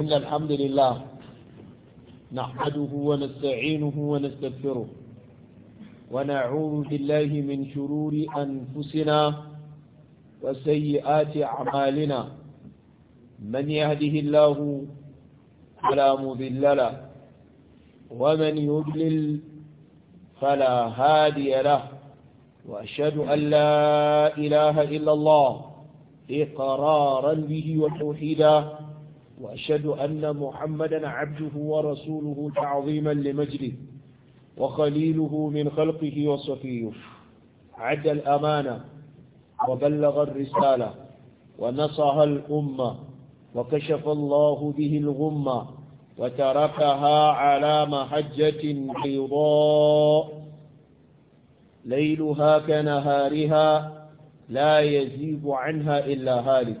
إن الحمد لله نحمده ونستعينه ونستغفره ونعوذ بالله من شرور أنفسنا وسيئات أعمالنا من يهده الله فلا مذل له ومن يضلل فلا هادي له وأشهد أن لا إله إلا الله إقرارا به وتوحيدا وأشهد أن محمدا عبده ورسوله تعظيما لمجده وخليله من خلقه وصفيه عد الأمانة وبلغ الرسالة ونصها الأمة وكشف الله به الغمة وتركها على محجة بيضاء ليلها كنهارها لا يزيب عنها إلا هالك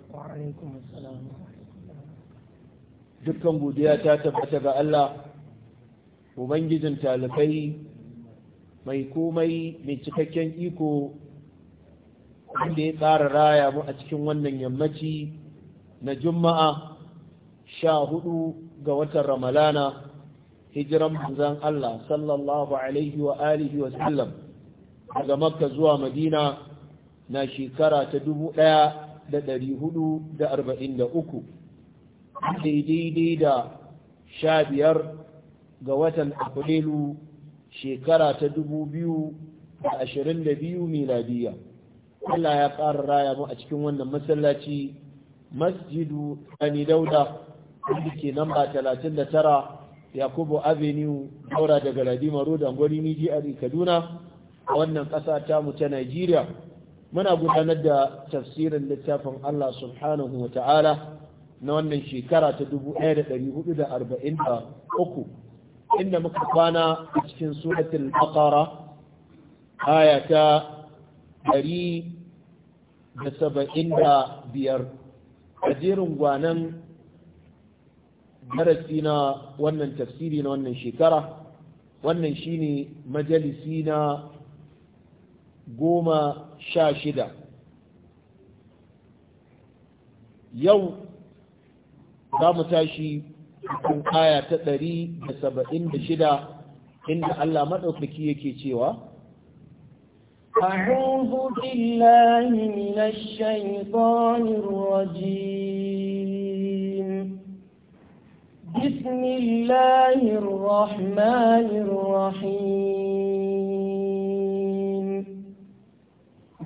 dukkan godiya ta tabbata ga Allah ubangijin talibai mai komai mai cikakken iko wanda ya tsara raya mu a cikin wannan yammaci na juma'a sha hudu ga watan ramalana hijiran manzan Allah sallallahu alaihi wa alihi wa sallam daga makka zuwa madina na shekara ta dubu ɗaya da ɗari hudu da arba'in da uku daidai da sha biyar ga watan afrilu shekara ta dubu biyu da ashirin da biyu miladiya Allah ya ƙara raya mu a cikin wannan masallaci masjidu ɗani dauda wanda ke namba talatin da tara yakubu avenue daura daga ladima road angwani niji a kaduna a wannan ƙasa mu ta nigeria muna gudanar da tafsirin littafin Allah subhanahu wa ta'ala na wannan shekara ta 1443 inda muka kwana a cikin suratul baqara aya ta 175 a jerin gwanan darasi na wannan tafsiri na wannan shekara wannan shine majalisi na goma sha shida yau za mu tashi cikin aya ta ɗari da saba'in da shida inda Allah maɗaukaki yake cewa أعوذ بالله من الشيطان الرجيم بسم الله الرحمن الرحيم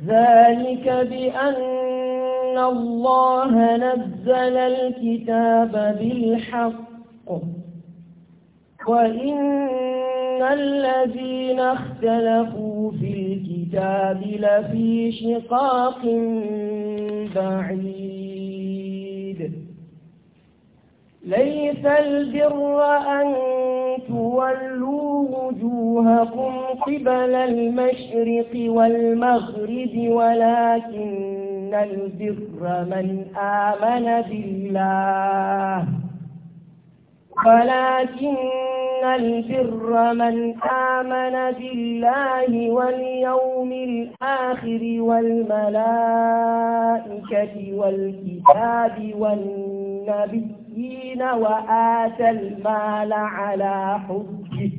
ذلك بأن الله نزل الكتاب بالحق وإن الذين اختلفوا في الكتاب لفي شقاق بعيد ليس البر أن تولوا وجوهكم قبل المشرق والمغرب ولكن البر من آمن بالله ولكن البر من آمن بالله واليوم الآخر والملائكة والكتاب والنبي المسكين وآتى المال على حبه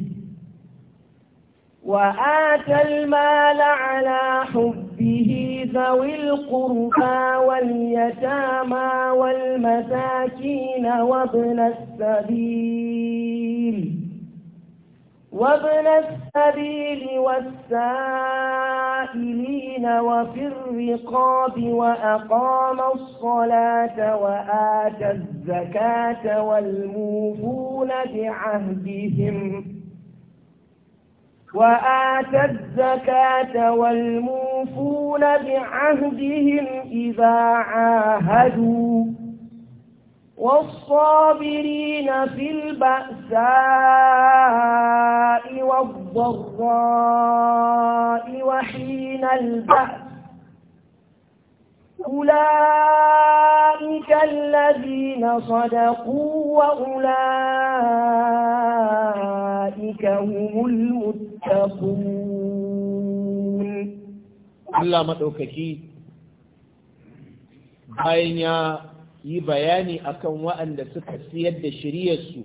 وآتى المال على حبه ذوي القربى واليتامى والمساكين وابن السبيل وابن السبيل والسائلين وفي الرقاب وأقام الصلاة وآتى الزكاة والموفون بعهدهم وآت الزكاة والموفون بعهدهم إذا عاهدوا والصابرين في البأساء والضراء وحين البأس أولئك الذين صدقوا وأولئك هم المتقون الله مدعوككي أين yi bayani akan waɗanda suka siyar da shiryarsu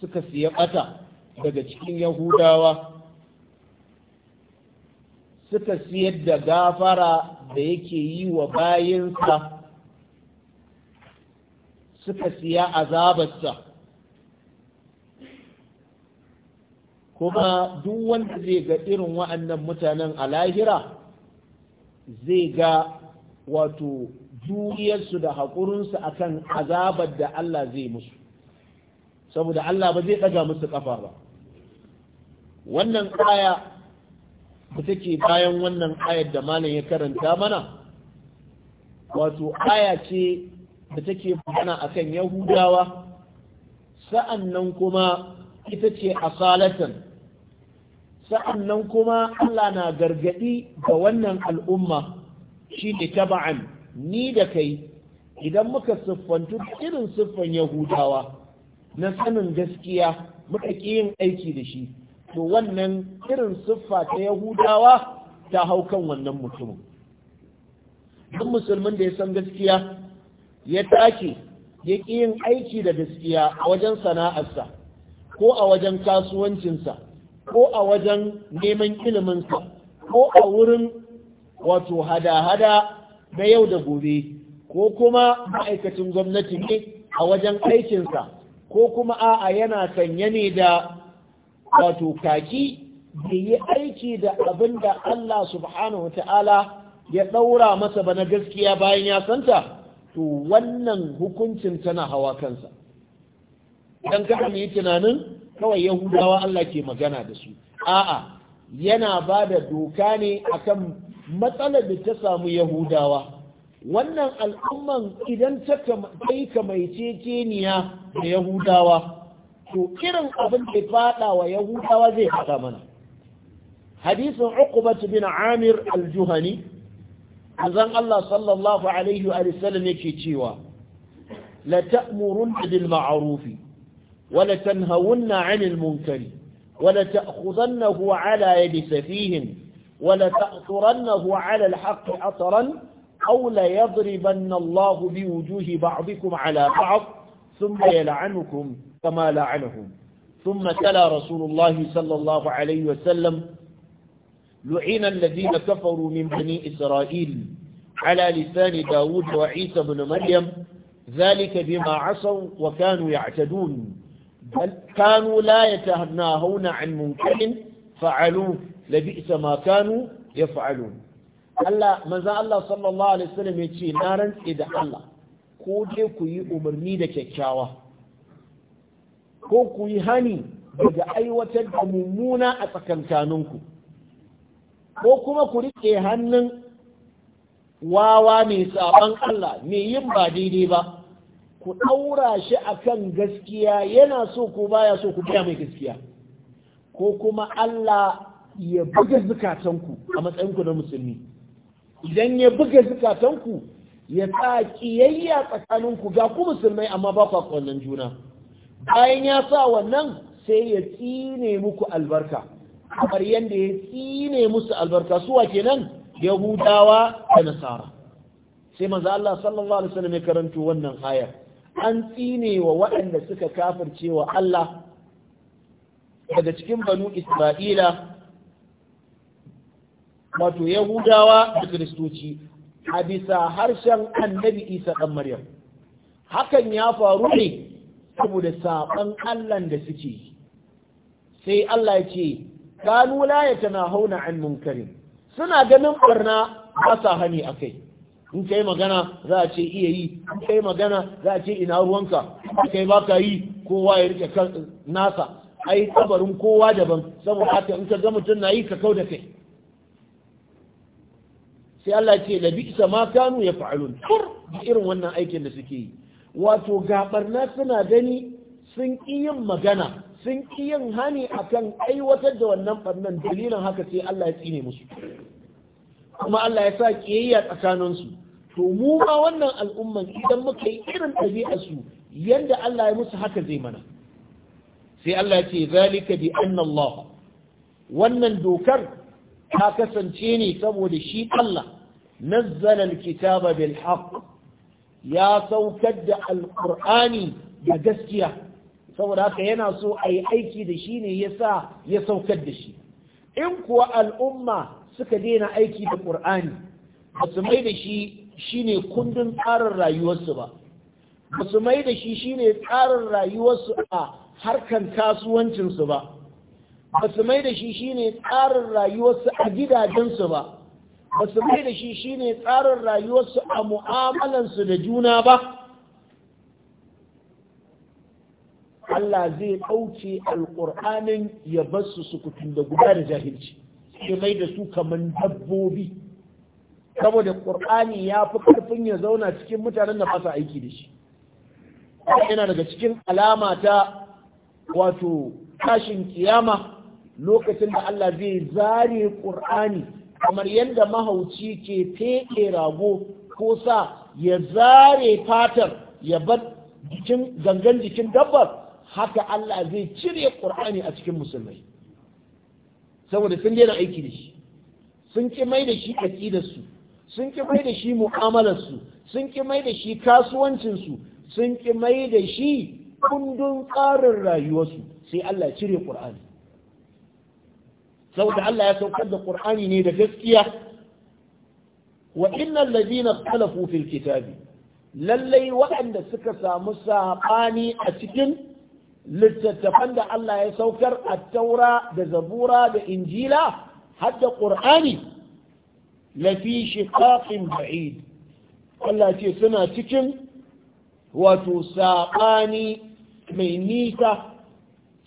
suka siya ɓata daga cikin yahudawa suka siyar da gafara da yake yi wa bayinsa suka siya azabarsa kuma duk wanda zai ga irin waɗannan mutanen a lahira zai ga wato juriyarsu da haƙurinsu akan azabar da Allah zai musu saboda Allah ba zai ɗaga musu ƙafa ba wannan aya da take bayan wannan ayar da malam ya karanta mana wato aya ce da take magana akan yahudawa sa'annan kuma ita ce asalatan sa'annan kuma Allah na gargaɗi ga wannan al'umma shi ne taba'an ni da kai idan muka siffantu irin siffan yahudawa na sanin gaskiya muka ƙi yin aiki da shi to wannan irin siffa ta yahudawa ta hau kan wannan mutumin duk musulmin da ya san gaskiya ya take ya ƙi yin aiki da gaskiya a wajen sana'arsa ko a wajen kasuwancinsa ko a wajen neman iliminsa ko a wurin wato hada-hada na yau da gobe ko kuma ma'aikacin gwamnati ne a wajen aikinsa ko kuma a'a yana sanye ne da wato kaki da yi aiki da abin da Allah subhanahu ta'ala ya ɗaura masa ba na gaskiya bayan ya santa to wannan hukuncin tana hawa kansa don kada mu yi tunanin kawai yahudawa Allah ke magana da su a'a yana ba da doka ne akan matsalar da ta samu yahudawa wannan al'umman idan ta kai ceceniya da yahudawa to irin abin da ya fada wa yahudawa zai haka mana hadisin uqbat bin amir al-juhani azan Allah sallallahu alaihi wa yake cewa la ta'muruna bil ma'ruf wa la tanhawunna 'anil munkari wa la ta'khudannahu 'ala yadi safihin ولتأثرنه على الحق أثرا أو ليضربن الله بوجوه بعضكم على بعض ثم يلعنكم كما لعنهم ثم تلا رسول الله صلى الله عليه وسلم لعين الذين كفروا من بني إسرائيل على لسان داود وعيسى بن مريم ذلك بما عصوا وكانوا يعتدون بل كانوا لا يتناهون عن منكر fa'alu isa ma kanu fa'alu. Allah maza Allah sallallahu alaihi wasallam ya ce na rantse da Allah ko je ku yi umarni da kyakkyawa ko ku yi hani daga aiwatar da mummuna a tsakankaninku ko kuma ku riƙe hannun wawa mai saban Allah mai yin ba daidai ba ku ɗaura shi a kan gaskiya yana so ko baya so ku biya mai gaskiya ko kuma Allah ya buga zukatanku a matsayinku na musulmi idan ya buga zukatanku ya sa kiyayya tsakaninku ga ku musulmai amma ba ku juna bayan ya sa wannan sai ya tsine muku albarka kamar yadda ya tsine musu albarka suwa kenan hudawa da nasara sai manzo Allah sallallahu alaihi wasallam ya karanto wannan ayar an tsinewa waɗanda suka kafirce wa Allah daga cikin banu isma'ila wato yahudawa da kiristoci a bisa harshen annabi isa ɗan maryam hakan ya faru ne saboda saɓan allan da suke sai allah ya ce kanu la ya tana hauna an munkarin suna ganin barna ba sa hani a kai in kai magana za a ce iya yi in kai magana za a ce ina ruwanka in kai ba ka yi kowa ya rike nasa ai kabarin kowa daban saboda haka in ka ga mutum na yi ka kau da kai sai Allah ce da bisa ma kanu ya fa'alun kur da irin wannan aikin da suke yi wato gabarna suna gani sun yin magana sun yin hani akan aiwatar da wannan barnan dalilin haka sai Allah ya tsine musu kuma Allah ya sa kiyayya tsakaninsu to mu ma wannan al'umman idan muka yi irin ɗabi'arsu yadda Allah ya musu haka zai mana sai Allah ce zalika bi anna Allah wannan dokar ta kasance ne saboda shi Allah nazzala alkitaba bil haqq ya saukar da alqur'ani da gaskiya saboda haka yana so a yi aiki da shi ne ya sa ya saukar da shi in kuwa al'umma suka daina aiki da ƙur'ani ba su mai da shi shi ne kundin tsarin rayuwarsu ba ba su mai da shi shi ne tsarin rayuwarsu a harkan kasuwancinsu ba ba su mai da shi shine tsarin rayuwarsu a gidajensu ba ba su mai da shi shine tsarin rayuwarsu a mu'amalansu da juna ba Allah zai ɗauke alƙur'anin ya bar su sukutun da guda da jahilci ya mai da su kaman dabbobi saboda ƙur'ani ya fi ƙarfin ya zauna cikin mutanen da fasa aiki da shi yana daga cikin alama ta wato tashin kiyama lokacin da Allah zai zare ƙur'ani kamar yadda mahauci ke feƙe rago ko sa ya zare fatar ya bar gangan jikin dabbar haka Allah zai cire ƙur'ani a cikin musulmai saboda sun daina aiki da shi sun ki mai da shi aƙidarsu sun ki mai da shi mu'amalarsu sun ki mai da shi kasuwancinsu sun ki mai da shi kundin tsarin rayuwarsu sai Allah ya cire Sau da Allah ya saukar da ƙur'ani ne da gaskiya wa innan ladina ikhtalafu fil kitabi lallai waɗanda suka samu saɓani a cikin littattafan da Allah ya saukar a taura da zabura da injila har da ƙur'ani lafi shiqaqin ba'id Allah ce suna cikin wato saɓani mai nisa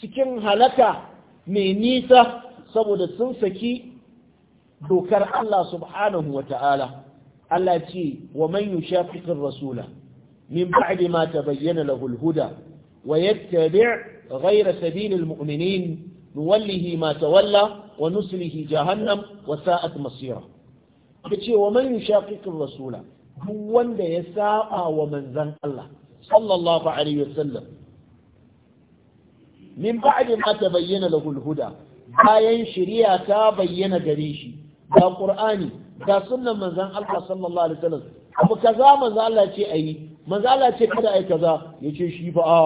cikin halaka mai nisa saboda sun saki dokar Allah subhanahu wa ta'ala Allah ce wa man yushaqiqir rasula min ba'adi ma ta bayyana al-huda wa yattabi' غير سبيل المؤمنين نوله ما تولى ونسله جهنم وساءت مصيره yace wa man yushaqiqir rasula duk wanda ya sa'a wa manzon Allah sallallahu alaihi wasallam min ba'di ma tabayyana lahu al-huda bayan shari'a ta bayyana gare shi ga qur'ani ga sunnan manzon Allah sallallahu alaihi wasallam abu kaza manzo Allah ce ayi manzo Allah ce kada ayi kaza yace shi fa a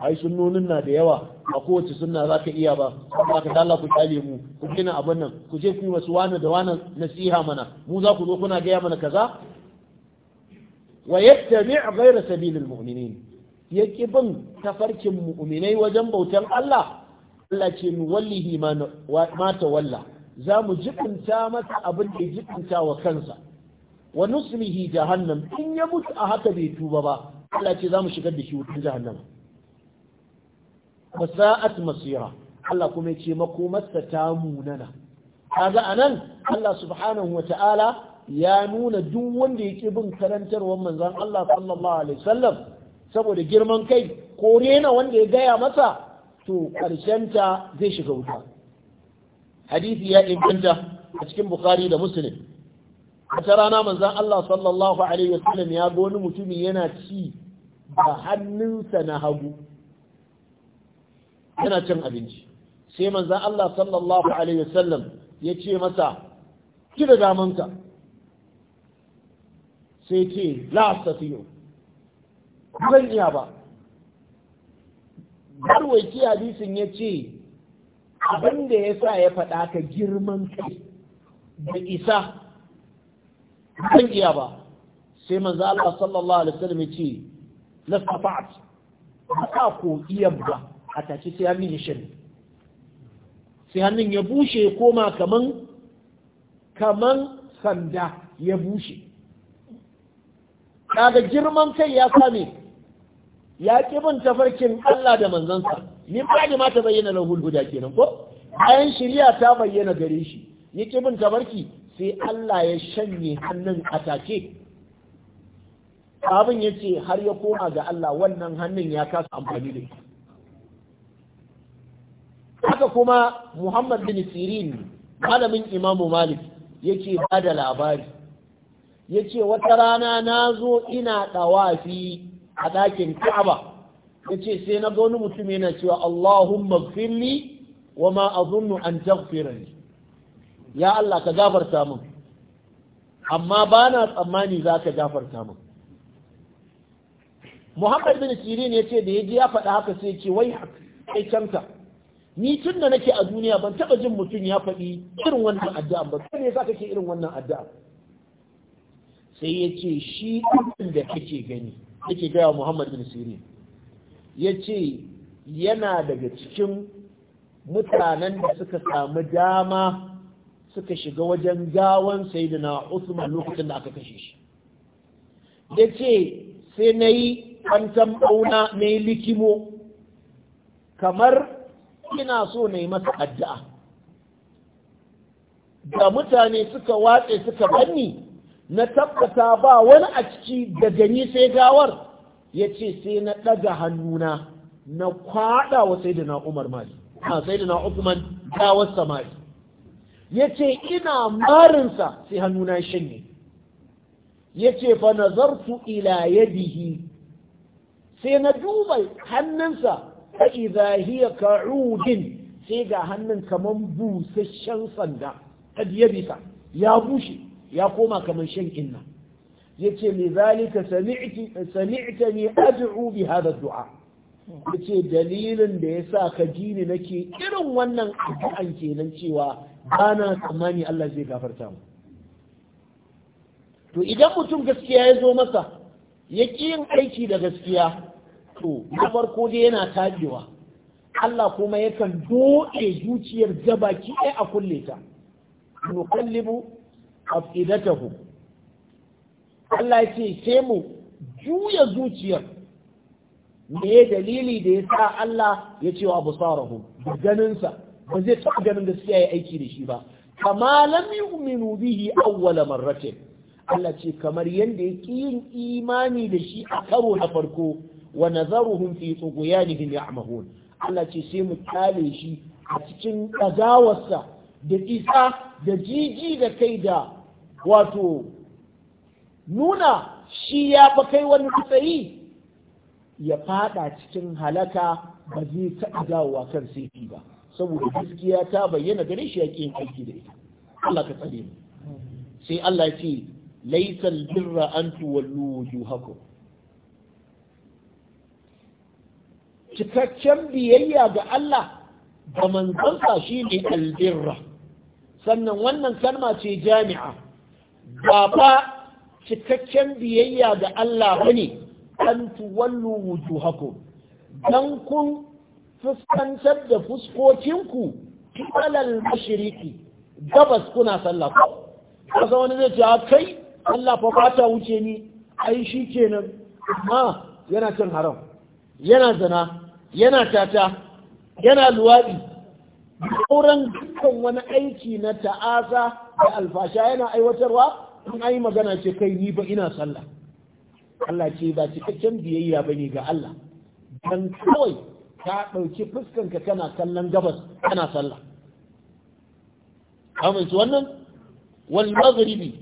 ah, ai sunnonin na da yawa a kowace sunna za ka iya ba ba ka Allah ku kyale mu ku gina abin nan ku je ku yi wasu wani da wani nasiha mana mu za ku zo kuna gaya mana kaza wa yattabi' ghayra sabilil mu'minin ya ƙi bin tafarkin mu'minai wajen bautan Allah Allah ce mu wallihi ma walla. za mu jibinta masa abin da jibinta wa kansa wa nuslihi jahannam in ya mutu a haka bai tuba ba Allah ce za mu shigar da shi wutar jahannama masa'at masira Allah kuma ya ce makomarsa ta munana kaga nan Allah subhanahu wa ta'ala ya nuna duk wanda ya ƙi bin karantarwar manzon Allah sallallahu alaihi wasallam saboda girman kai ko rena wanda ya gaya masa to karshen ta zai shiga wuta hadisi ya inganta a cikin bukhari da muslim wata rana manzan Allah sallallahu alaihi wasallam ya ga wani mutumi yana ci da hannunsa na hagu yana cin abinci sai manzan Allah sallallahu alaihi wasallam ya ce masa ki da damanka sai ce la zan iya ba ki hadisin ya ce abin da ya sa ya faɗa ka girman kai da isa zan iya ba sai manzo Allah sallallahu alaihi wasallam ya ce la safat ba ko iya ba a tace sai hannun ya shiri sai hannun ya bushe koma kaman kaman sanda ya bushe kaga girman kai ya same ya ƙi bin tafarkin Allah da manzansa ni ba ni ma ta bayyana lahu huda kenan ko bayan shari'a ta bayyana gare shi ya ƙi bin tafarki sai Allah ya shanye hannun atake. abin ya ce har ya koma ga Allah wannan hannun ya kasa amfani da shi haka kuma Muhammad bin Sirin malamin Imamu Malik yake ba da labari yace wata rana na zo ina ɗawafi a ɗakin ka'aba ya ce sai na ga wani mutum yana cewa Allahumma gfirli wa ma azunnu an taghfirani ya Allah ka gafarta min amma ba na tsammani za ka gafarta min Muhammad bin Sirin ya ce da ya ji ya faɗa haka sai ce wai kai canta ni tun da nake a duniya ban taɓa jin mutum ya faɗi irin wannan addu'a ba sai ne za ka ke irin wannan addu'a sai ya ce shi ɗin da kake gani yake gaya Muhammad bin Sirin ce yana daga cikin mutanen da suka samu dama suka shiga wajen gawan sayyidina Usman lokacin da aka kashe shi Ya ce sai na nayi kwantan bauna yi likimo kamar ina so na yi masa addu'a da mutane suka watse suka banni na tabbata ba wani a ciki da gani sai gawar ya ce sai na ɗaga hannuna na kwaɗa wa sai da na umar mali a sai da na ukuman gawar samari ya ce ina marinsa sai hannuna shanye ya ce fa nazartu ila yadihi sai na duba hannunsa ta idahiyar ka'udin sai ga hannun kamar busasshen sanda ta biya bisa ya bushe ya koma kamar shan inna yace li zalika sami'ti sami'tani ad'u bi hada du'a yace dalilin da yasa ka ji ni nake irin wannan addu'an kenan cewa bana tsammani Allah zai gafarta mu to idan mutum gaskiya ya zo masa ya yin aiki da gaskiya to na farko dai yana tajewa Allah kuma yakan doɗe zuciyar gabaki ɗaya a kulle ta nuqallibu afidatahu Allah ya ce sai mu juya zuciyar me dalili da ya sa Allah ya ce wa abusarahu da ganinsa ba zai taɓa ganin gaskiya ya aiki da shi ba kama lam yu'minu bihi awwala marratin Allah ce kamar yanda ki yin imani da shi a karo na farko wa nazaruhum fi tughyanihim ya'mahun Allah ce sai mu kale shi a cikin kadawarsa da isa da jiji da kai da wato nuna shi ya fa kai wani matsayi ya fada cikin halaka ba zai taɓa dawowa kan sai ba saboda gaskiya ta bayyana gare shi ya yin aiki da ita Allah ka tsare mu sai Allah ce laysal birra an tuwallu wujuhakum cikakken biyayya ga Allah da manzansa shine albirra sannan wannan kalma ce jami'a ba fa cikakken biyayya ga Allah bane an tuwallu wujuhakum dan kun fuskantar da fuskokinku kibalal mashriqi gabas kuna sallah kasa wani zai ce a kai Allah fa bata wuce ni ai shi kenan amma yana cin haram yana zina yana tata yana luwaɗi sauran dukkan wani aiki na ta'asa da alfasha yana aiwatarwa in ai magana ce kai ni ba ina sallah Allah ce ba cikakken biyayya ba ne ga Allah dan kawai ka ɗauki fuskanka kana kallon gabas kana sallah amince wannan wal maghribi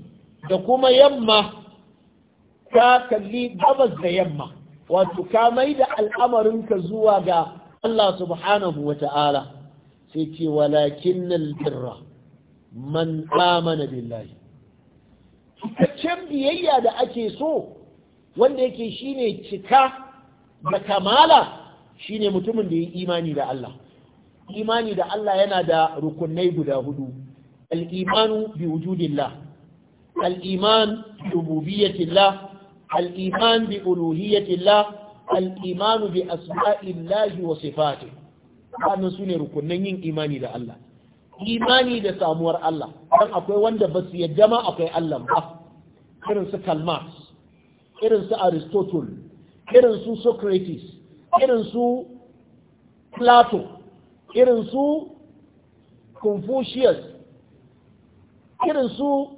da kuma yamma ka kalli gabas da yamma wato ka mai da al'amarinka zuwa ga Allah subhanahu wa ta'ala sai ce walakin birra man amana billahi cikakken biyayya da ake so wanda yake shine cika da kamala shine mutumin da ya imani da Allah imani da Allah yana da rukunai guda hudu alimanu bi wujudillah al-iman bi rububiyyatillah al-iman bi uluhiyyatillah al bi asma'illahi wa sifatihi wannan su ne rukunan yin imani da Allah imani da samuwar Allah don akwai wanda ba su yadda ma akwai Allah ba irin su Kalmas irin su Aristotle irin su Socrates irin su Plato irin Confucius irin su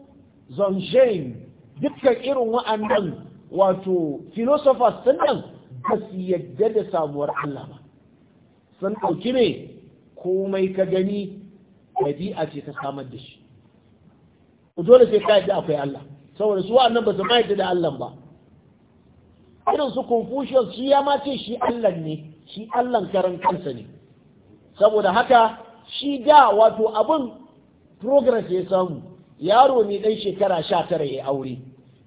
dukkan irin wa'annan wato filosofas sun nan ba su yadda da samuwar Allah ba sun ɗauki ne komai ka gani ɗabi'a ce ta samar da shi dole sai ka yadda akwai Allah saboda su wa'annan ba su ma yadda da Allah ba irin su Confucius shi ya ma ce shi Allah ne shi Allah karan kansa ne saboda haka shi da wato abin progress ya samu yaro ne dan shekara sha tara ya aure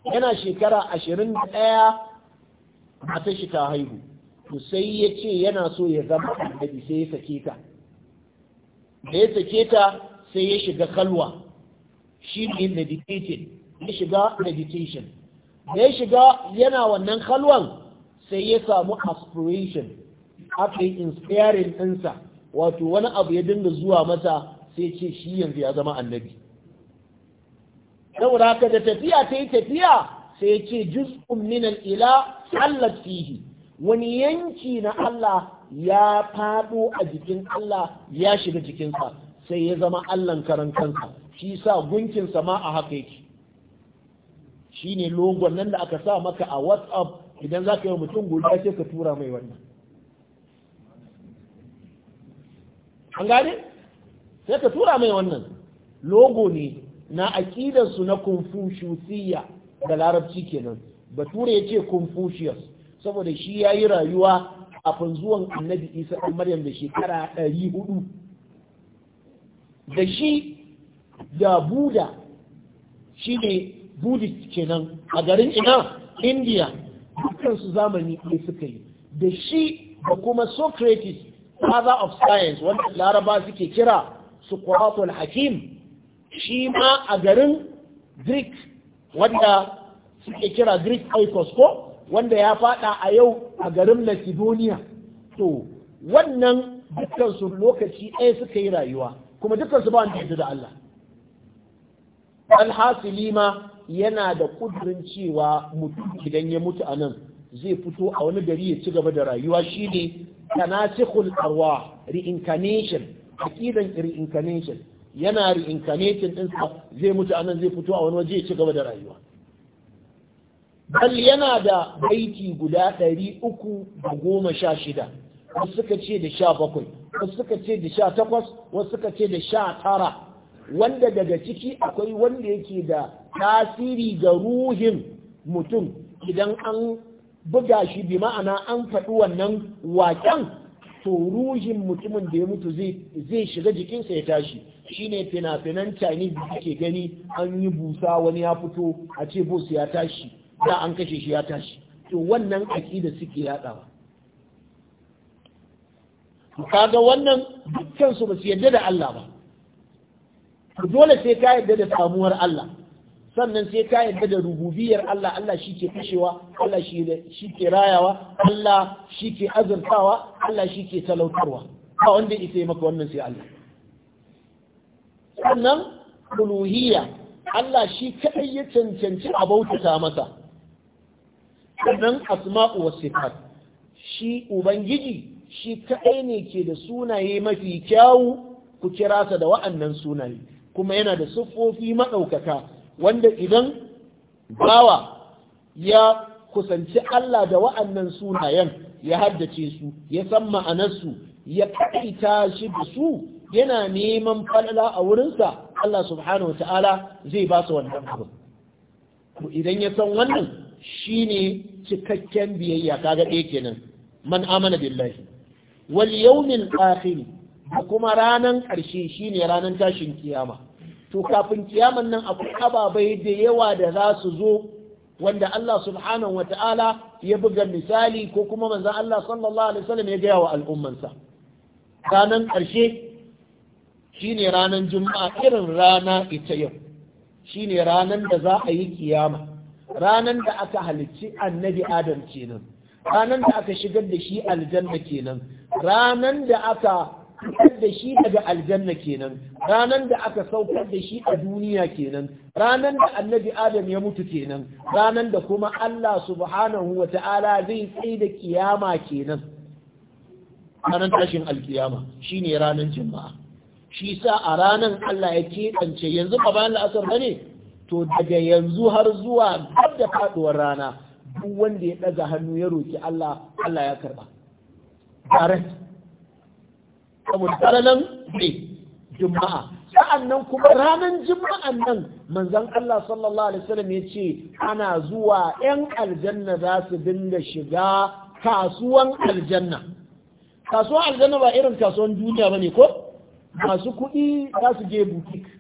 yana shekara ashirin da ɗaya mata shi ta haihu to sai ya ce yana so ya zama annabi sai ya sake ta da ya sake ta sai ya shiga kalwa shi ne meditating ya shiga meditation da ya shiga yana wannan kalwan sai ya samu aspiration aka inspiring ɗinsa wato wani abu ya dinga zuwa mata sai ce shi yanzu ya zama annabi saboda haka da tafiya ta yi tafiya sai ce juz'un minan ila sallat fihi wani yanki na Allah ya faɗo a jikin Allah ya shiga jikinsa sai ya zama Allah karan kansa shi sa gunkinsa ma a haka yake shi ne logon nan da aka sa maka a whatsapp idan za ka yi mutum guda sai ka tura mai wannan an gane sai ka tura mai wannan logo ne na aƙidarsu na confuciusiyya da larabci kenan bature ya ce confucius saboda shi ya yi rayuwa a fanzuwan annabi isa ɗan maryam da shekara ɗari hudu da shi da buda shi ne budist kenan a garin ina indiya dukansu zamani ne suka yi da shi da kuma socrates father of science wanda laraba suke kira Kwakwal hakim shi ma a garin greek wanda suke kira greek oikos ko wanda ya fada a yau a garin Macedonia to wannan dukansu lokaci ɗaya suka yi rayuwa kuma dukansu ba wanda da Allah alhasili ma yana da kudurin cewa mutum idan ya mutu a nan zai fito a wani gari ya ci gaba da rayuwa shi ne tanasihul arwa reincarnation akidan reincarnation yana reincarnation ɗinsa zai mutu a nan zai fito a wani waje ya ci gaba da rayuwa bal yana da baiti guda ɗari uku da goma sha shida wasu suka ce da sha bakwai wasu suka ce da sha takwas wasu suka ce da sha tara wanda daga ciki akwai wanda yake da tasiri ga ruhin mutum idan an buga shi bi ma'ana an faɗi wannan waƙen to ruhin mutumin da ya mutu zai shiga jikinsa ya tashi shine fina-finan chinese da suke gani an yi busa wani ya fito a ce bus ya tashi da an kashe shi ya tashi to wannan aƙida suke yaɗawa kaga wannan dukkan su ba su yadda da Allah ba dole sai ka yadda da samuwar Allah sannan sai ka yadda da rububiyar Allah Allah shi ke kashewa Allah shi ke rayawa Allah shi ke azurtawa Allah shi ke talautarwa ba wanda isa yi maka wannan sai Allah sannan uluhiyya Allah shi kaɗai ya cancanci a bautata masa sannan asma'u wa sifat shi ubangiji shi kaɗai ne ke da sunaye mafi kyawu ku kira sa da wa'annan sunaye kuma yana da siffofi maɗaukaka wanda idan bawa ya kusanci Allah da wa'annan sunayen ya haddace su ya san ma'anarsu ya kaita shi da su yana neman falala a wurinsa Allah subhanahu wa ta'ala zai ba su wannan abu idan ya san wannan shine cikakken biyayya kaga ɗaya kenan man amana billahi wal yawmil akhir da kuma ranan ƙarshe shine ranan tashin kiyama to kafin kiyaman nan akwai ababai da yawa da za su zo wanda Allah subhanahu wata'ala ya buga misali ko kuma manzon Allah sallallahu alaihi wasallam ya gaya wa al'ummansa ranan ƙarshe shine ranan juma'a irin rana ita yau shine ranan da za a yi kiyama ranan da aka halicci annabi adam kenan ranan da aka shigar da shi aljanna kenan ranan da aka fitar da shi daga aljanna kenan ranan da aka saukar da shi a duniya kenan ranan da annabi adam ya mutu kenan ranan da kuma Allah subhanahu wa ta'ala zai tsaye da kiyama kenan Ranar tashin alkiyama shine ranar jama'a shi sa a ranan Allah ya keɓance yanzu ba bayan la'asar bane to daga yanzu har zuwa har da faduwar rana duk wanda ya ɗaga hannu ya roki Allah Allah ya karba direct saboda ranan ne juma'a sa'annan kuma ranan juma'an nan manzon Allah sallallahu alaihi wasallam ya ce ana zuwa 'yan aljanna za su dinga shiga kasuwan aljanna kasuwan aljanna ba irin kasuwan duniya bane ko masu kuɗi za su je boutique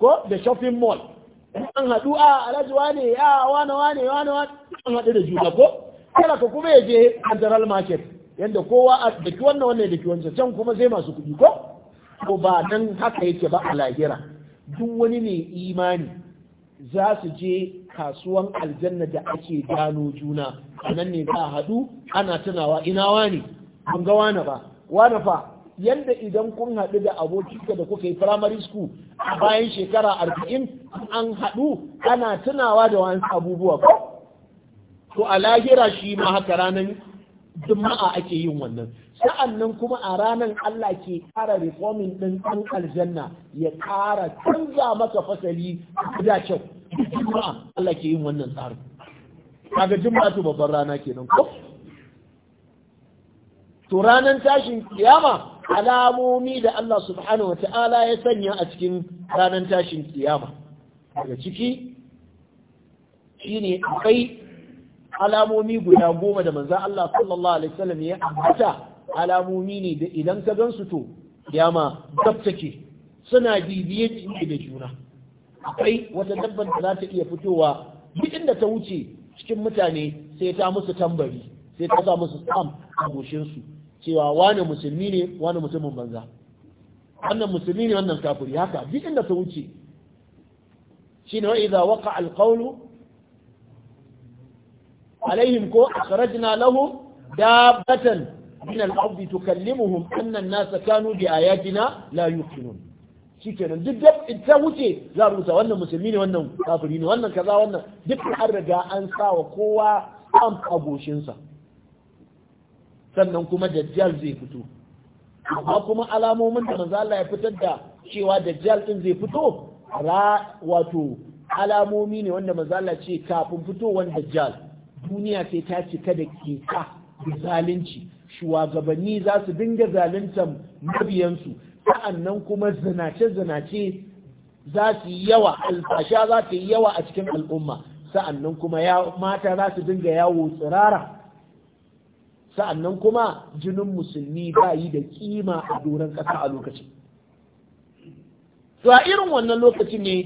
ko da shopping mall an haɗu a ah, alhaji wane ya ah, wane wane wane wane an haɗu da juna ko kada ka kuma ya je general market yadda kowa a daki wannan wannan daki wancan can kuma zai masu kuɗi ko ko ba nan haka yake ba a lahira duk wani mai imani za su je kasuwan aljanna da ake gano juna a nan ne za a haɗu ana tunawa ina ban ga wane ba wane fa Yadda idan kun haɗu da abokinka da kuka yi primary school a bayan shekara arba'in an haɗu ana tunawa da wani abubuwa ko to a lahira shi ma haka ranar juma'a ake yin wannan sa'an nan kuma a ranar Allah ke ƙara reforming ɗin ɗan aljanna ya ƙara canza maka fasali da kyau juma'a Allah ke yin wannan tsarin kaga juma'a to babban rana kenan ko to ranar tashin kiyama alamomi da Allah subhanahu wa ta'ala ya sanya a cikin ranar tashin kiyama daga ciki ne akwai alamomi guda goma da manzan Allah sallallahu alaihi wasallam ya ambata alamomi ne da idan ka gansu to kiyama gab suna bibiye ne da juna akwai wata dabban da za ta iya fitowa duk inda ta wuce cikin mutane sai ta musu tambari sai ta sa musu tsam a goshinsu cewa wane musulmi ne wani mutumin banza wannan musulmi ne wannan kafiri haka duk inda ta wuce shine wa idza waqa alqawlu alaihim ko akhrajna lahum dabbatan min al-ardi tukallimuhum anna an-nasa kanu bi ayatina la yuqinun shikenan duk da ta wuce za a rusa wannan musulmi ne wannan kafiri ne wannan kaza wannan duk an riga an sa wa kowa an agoshinsa sannan kuma dajjal zai fito amma kuma alamomin da manzo Allah ya fitar da cewa dajjal din zai fito ra wato alamomi ne wanda manzo Allah ce kafin fitowar dajjal duniya sai ta cika da kika da zalunci shugabanni za su dinga zaluntar mabiyansu sa'annan kuma zinace-zinace za su yi yawa alfasha za ta yi yawa a cikin al'umma sa'annan kuma mata za su dinga yawo tsirara sa'annan kuma jinin musulmi ba yi da kima a doron ƙasa a lokacin to irin wannan lokaci ne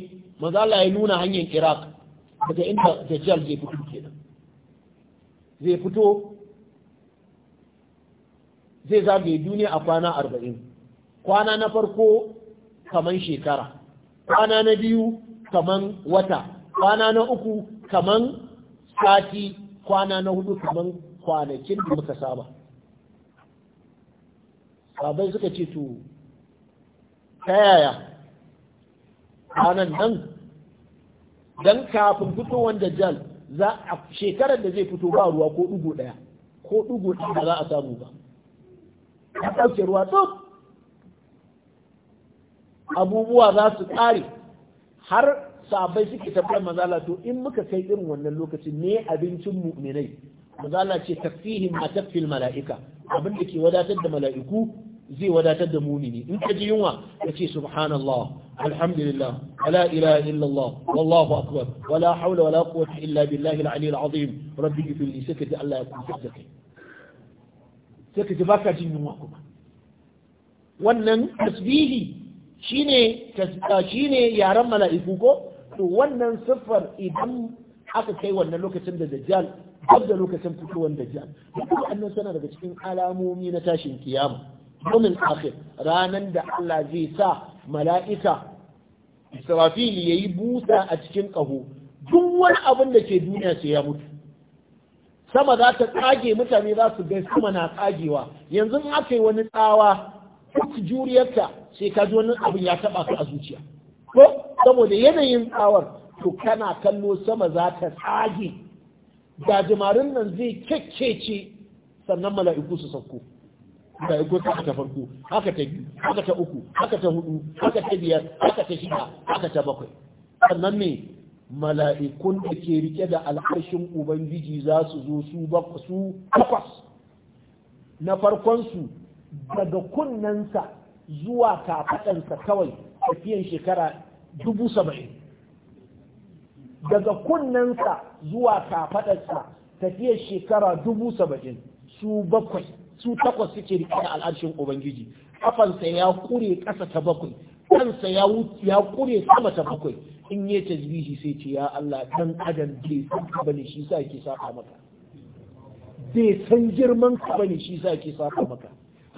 mazala ya nuna hanyar iraq daga inda dajjal zai fito kenan zai fito zai zagaye duniya a kwana arba'in kwana na farko kaman shekara kwana na biyu kaman wata kwana na uku kaman sati kwana na hudu kaman kwanakin da muka saba sabai suka ce to ta yaya kwanan nan don kafin wanda jal za a shekarar da zai fito ba ruwa ko ɗugu ɗaya ko ɗugu ɗaya za a samu ba ya ɗauke ruwa abubuwa za su ƙare har sabai suke tabbatar mazala to in muka kai irin wannan lokacin ne abincin mu'minai maza Allah ce takfihim ma takfil mala'ika abin da ke wadatar da mala'iku zai wadatar da mumini in ka ji yunwa ka ce subhanallah alhamdulillah ala ilaha illallah wallahu akbar wala haula wala quwwata illa billahi al-ali al-azim rabbi ighfir li sai ka ji Allah ya kusa da kai sai ka baka jin yunwa kuma wannan tasbihi shine ah, shine yaran mala'iku ko to wannan siffar idan aka kai wannan lokacin da dajjal duk da lokacin fitowar dajjal duk annan sana daga cikin alamomi na tashin kiyama yawmin akhir ranan da Allah zai sa mala'ika Israfil yayi busa a cikin kaho duk wani abin da ke duniya sai ya mutu sama za ta tsage mutane za su ga sama na tsagewa yanzu in aka yi wani tsawa duk juriyarta sai ka ji wani abin ya taba ka a zuciya ko saboda yanayin tsawar to kana kallo sama za ta tsage gajimarin nan zai kyakkece sannan mala'iku su sauko mala'iku ta ta farko haka ta biyu haka ta uku haka ta hudu haka ta biyar haka ta shida haka ta bakwai sannan me mala'ikun da ke rike da al'arshin ubangiji za su zo su su takwas na farkonsu daga kunnensa zuwa kafaɗansa kawai tafiyan shekara dubu saba'in daga kunnensa zuwa kafaɗarsa tafiyar shekara dubu saba'in su bakwai su takwas suke rike da al'arshin ubangiji kafansa ya kure ƙasa ta bakwai kansa ya ya kure sama ta bakwai in yi tasbihi sai ce ya Allah dan adam bai san ka bane shi sa yake saka maka bai san girman ka bane shi sa yake saka maka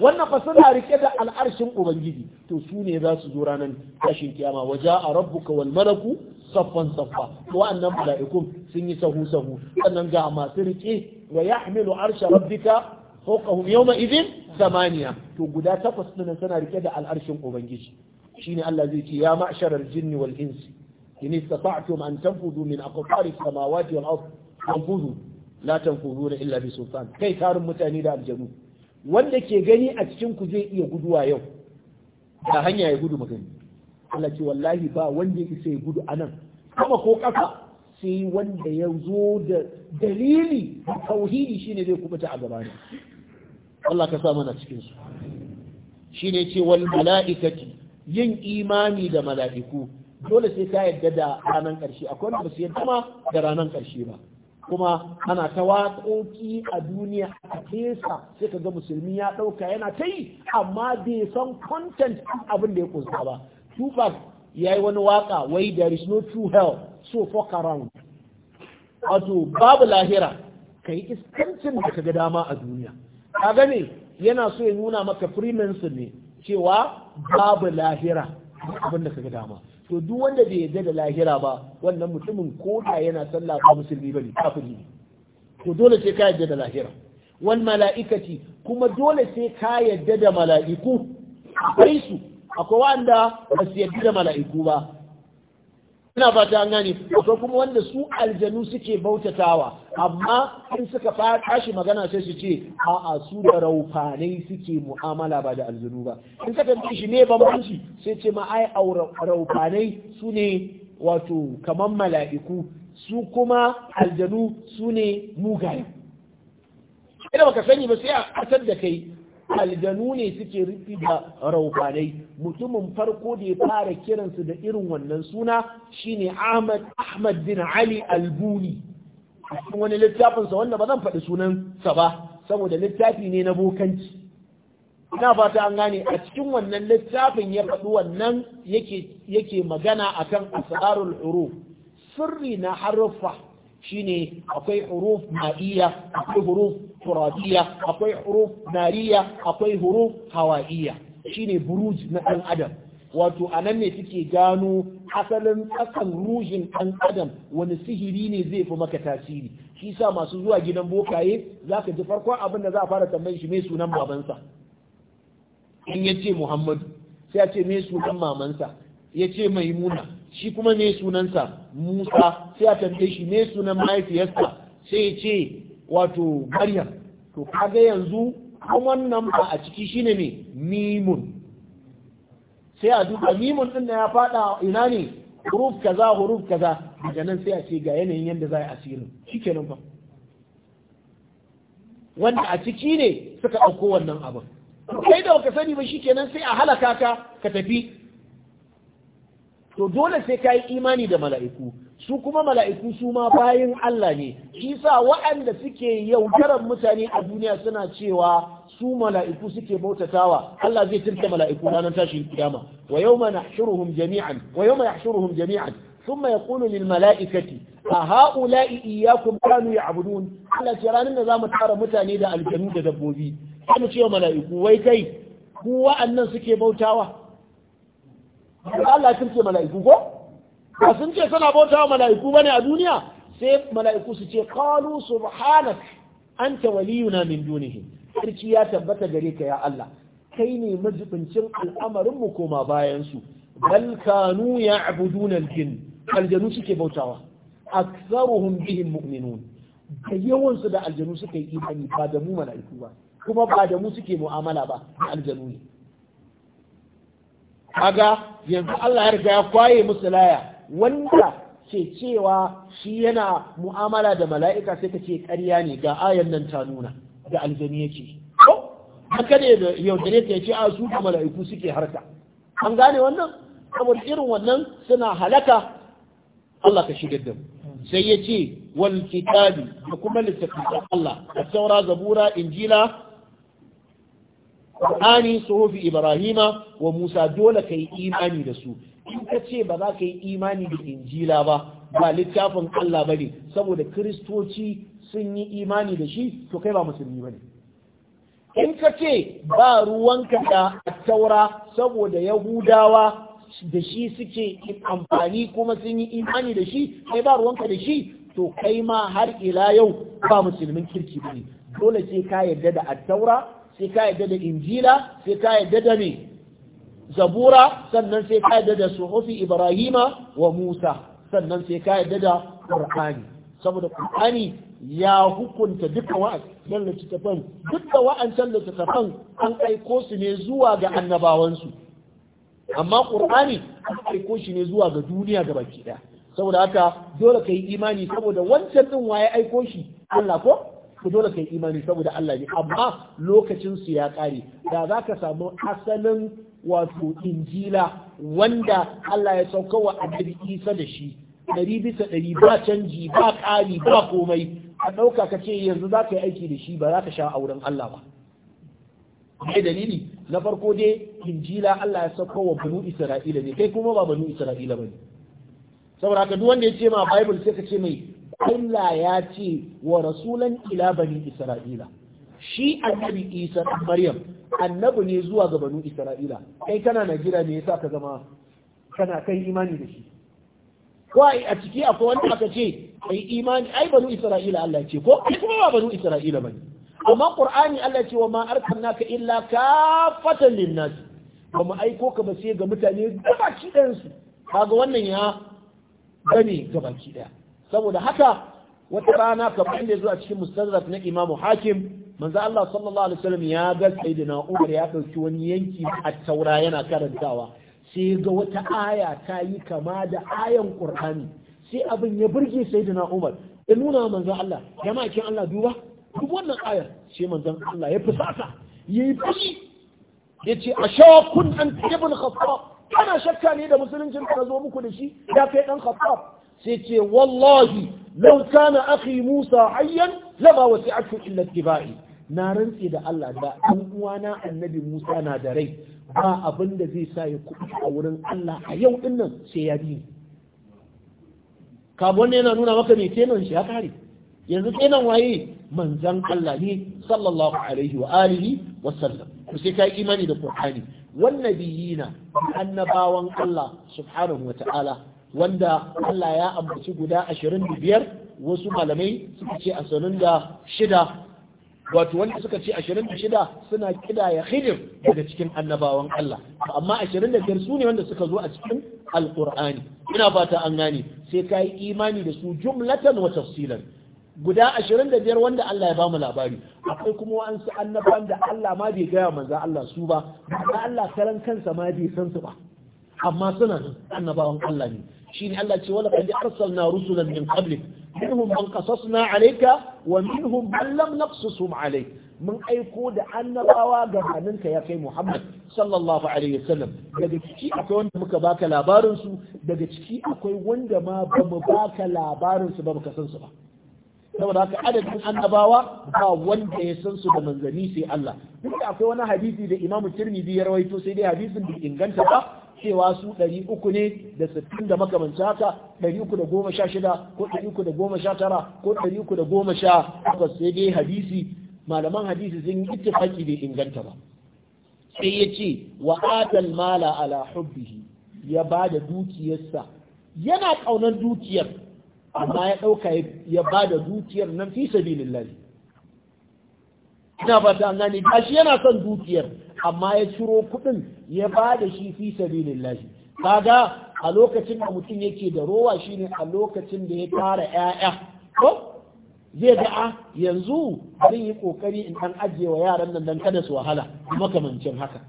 wannan ba suna rike da al'arshin ubangiji to su ne za su zo ranar tashin kiyama waje a rabbuka wal malaku saffan saffa to wa'annan mala'ikun sun yi sahu sahu sannan ga masu rike wa yahmilu arsha rabbika fawqahum yawma idhin samaniya to guda takwas din suna rike da al'arshin ubangiji shine Allah zai ce ya ma'sharar jinni wal insi in istata'tum an tanfudu min aqtari samawati wal ard tanfudu la tanfuduna illa bi sultan kai tarin mutane da aljanu wanda ke gani a cikin ku zai iya guduwa yau da hanya ya gudu magani Allah ce wallahi ba wanda ya isa ya gudu anan kuma ko kasa sai wanda ya zo da dalili tauhidi shine zai kubuta a gaba ne Allah ka sa mana cikin su shine ce wal malaikati yin imani da mala'iku dole sai ka yadda da ranan ƙarshe, akwai wanda ba su yadda ma da ranan karshe ba kuma ana ta waƙoƙi a duniya a kesa sai ka ga musulmi ya ɗauka yana ta yi amma bai san content abin da ya kusa ba tupac ya yi wani waƙa wai there is no true hell so fuck around wato babu lahira ka yi iskancin da ka ga dama a duniya ka gane yana so ya nuna maka freemanson ne cewa babu lahira abin da ka ga dama to duk wanda bai yarda da lahira ba wannan mutumin ko da yana sallah ba musulmi bane kafiri ne to dole sai ka yarda da lahira wal mala'ikati kuma dole sai ka yarda da mala'iku akwai su akwai wanda ba su yarda da mala'iku ba ina fata an gane ko kuma wanda su aljanu suke bautatawa amma in suka tashi magana sai su ce a'a su da raufanai suke mu'amala ba da aljanu ba in ka tambaye shi ne bambanci sai ce ma ai raufanai su ne wato kaman mala'iku su kuma aljanu su ne mugaye ina baka sani ba sai a kasar da kai aljanu ne suke rufi da raufanai mutumin farko da ya fara kiransu da irin wannan suna shine Ahmad Ahmad bin Ali Albuni cikin wani littafinsa wanda ba zan faɗi sunansa ba saboda littafi ne na bokanci ina fata an gane a cikin wannan littafin ya faɗi wannan yake magana akan asrarul huruf sirri na haruffa shine akwai huruf ma'iya akwai huruf turabiyya akwai huruf nariya akwai huruf hawaiya shine buruj na ɗan adam wato anan ne suke gano asalin tsakan ruhin ɗan adam wani sihiri ne zai fi maka tasiri shi sa masu zuwa gidan bokaye za ka ji farkon abin da za a fara tambayin shi mai sunan babansa in ya ce muhammadu sai ya ce mai sunan mamansa ya ce maimuna shi kuma ne sunansa musa sai a tambaye shi ne sunan mahaifiyarsa sai ya ce wato maryam to kaga yanzu kuma wannan ba a ciki shine ne mimun sai a duka mimun din ya fada ina ne huruf kaza huruf kaza daga nan sai a ce ga yanayin yadda za a asirin shikenan ba wanda a ciki ne suka ɗauko wannan abin kai da baka sani ba shikenan sai a halaka ka ka tafi to dole sai ka yi imani da mala'iku su kuma mala'iku su ma bayan Allah ne isa waɗanda suke yaudarar mutane a duniya suna cewa su mala'iku suke bautatawa Allah zai tilta mala'iku ranar tashin kiyama wa yawma nahshuruhum jami'an wa yawma yahshuruhum jami'an thumma yaqulu lil mala'ikati a ha'ula'i iyyakum kanu ya'budun Allah ce ranar da mu tara mutane da aljanu da dabbobi sai mu ce wa mala'iku wai kai ku wa'annan suke bautawa Allah sun ce mala'iku ko ba sun ce suna bauta wa mala'iku bane a duniya sai mala'iku su ce qalu subhanak anta waliyuna min dunihi sarki ya tabbata gare ka ya Allah kai ne majibincin al'amarin mu koma bayan su bal kanu ya'buduna al aljanu suke bautawa aktsaruhum bihim mu'minun da yawan su da aljanu suke imani ba da mu mala'iku ba kuma ba da mu suke mu'amala ba da aljanu ne kaga yanzu Allah ya riga ya kwaye musu laya wanda ke cewa shi yana mu'amala da mala'ika sai ka ce ƙarya ne ga ayan nan ta nuna da aljani yake ko haka ne da yaudare ka ce a su da mala'iku suke harka an gane wannan saboda irin wannan suna halaka Allah ka shigar da sai ya ce wal kitabi da kuma littafin Allah da saura zabura injila Qur'ani suhufi Ibrahima wa Musa dole kai imani da su in ka ce ba za ka yi imani da Injila ba ba littafin Allah ba ne. saboda kiristoci sun yi imani da shi to kai ba musulmi ba ne. in ka ce ba ruwanka da taura saboda yahudawa da shi suke amfani kuma sun yi imani da shi kai ba ruwanka da shi to kai ma har ila yau ba musulmin kirki ne. dole sai ka yarda da attaura sai ka yadda da injila sai ka yadda da me zabura sannan sai ka yadda da suhufi ibrahima wa musa sannan sai ka yadda da qur'ani saboda qur'ani ya hukunta duka wa'ancan littattafan duka wa'ancan littattafan an aiko su ne zuwa ga annabawansu amma qur'ani an aiko shi ne zuwa ga duniya gaba ki ɗaya saboda haka dole ka yi imani saboda wancan din waye aiko shi Allah ko Ka dole yi imani saboda Allah ne amma lokacin su ya kare da zaka samu asalin wato injila wanda Allah ya sauka wa annabi Isa da shi ɗari bisa ɗari ba canji ba ƙari ba komai a ɗauka ka ce yanzu za ka yi aiki da shi ba za ka sha auren Allah ba mai dalili na farko dai injila Allah ya sauka wa banu Isra'ila ne kai kuma ba banu Isra'ila ba ne saboda haka duk wanda ya ce ma Bible sai ka ce mai Allah ya ce wa rasulan ila bani Isra'ila shi annabi Isa Maryam annabi ne zuwa ga bani Isra'ila kai kana na Najeriya me yasa ka zama kana kai imani da shi wai a ciki akwai wanda aka ce ai imani ai Bani Isra'ila Allah ce ko kuma ba Bani Isra'ila bane amma Qur'ani Allah ce wa ma naka illa kafatan linnas ba mu aiko ka ba sai ga mutane gabaki ɗayan su kaga wannan ya gane gabaki ɗaya saboda haka wata rana kamar da zuwa cikin mustadrak na imamu hakim manzo Allah sallallahu alaihi wasallam ya ga sayyidina Umar ya dauki wani yanki a taura yana karantawa sai ga wata aya ta yi kama da ayan Qur'ani sai abin ya burge sayyidina Umar ya nuna manzo Allah jama'a kin Allah duba duk wannan ayar sai manzon Allah ya fusata yayi fushi yace ashakun an ibn khattab kana shakka ne da musuluncin da zo muku da shi ya kai dan khattab sai ce wallahi law kana akhi Musa hayyan lama wasi'atu illa tibai na rantse da Allah da dan uwana annabi Musa na da rai ba abin da zai sa ya kuɗi a wurin Allah a yau din nan sai ya bi kabon yana nuna maka mai kenan shi ya kare yanzu kenan waye manzan Allah ne sallallahu alaihi wa alihi wa sallam ku sai kai imani da Qur'ani wannan biyina annabawan Allah subhanahu wa ta'ala wanda Allah ya ambaci guda ashirin da biyar wasu malamai suka ce ashirin da shida wato wanda suka ce ashirin da shida suna kidaya hidir daga cikin annabawan Allah amma ashirin da biyar su ne wanda suka zo a cikin alƙur'ani ina fata an gane sai ka yi imani da su jumlatan wa tafsilan guda ashirin da biyar wanda Allah ya ba mu labari akwai kuma wa'ansu annaban da Allah ma bai gaya manza Allah su ba da Allah karan kansa ma bai san su ba amma suna annabawan Allah ne ne Allah ce wala arsal na rusulan min qablik minhum man qasasna alayka wa minhum man lam naqsusum alayk mun aiko da annabawa ga gabaninka ya kai Muhammad sallallahu alaihi wasallam daga ciki akwai wanda muka baka labarin daga ciki akwai wanda ma ba mu baka labarin ba muka san su ba saboda haka adadin annabawa ba wanda ya san su da manzanni sai Allah duk akwai wani hadisi da Imam Tirmidhi ya rawaito sai dai hadisin bai inganta ba cewa su ɗari uku ne da sittin da makamanci haka ɗari uku da goma sha shida ko ɗari uku da goma sha tara ko ɗari uku da goma sha takwas sai dai hadisi malaman hadisi sun yi ittifaki bai inganta ba sai ya ce wa adal mala ala hubbihi ya ba da dukiyarsa yana ƙaunar dukiyar amma ya ɗauka ya ba da dukiyar nan fi sabilillahi ina ba ta gani gashi yana son dukiyar amma ya ciro kuɗin ya ba da shi fi lillahi kaga a lokacin da mutum yake da rowa shine a lokacin da ya tara 'ya'ya ko zai ga a ah, yanzu zan yi kokari in dan ajiye wa yaran nan dan kada su wahala makamancin haka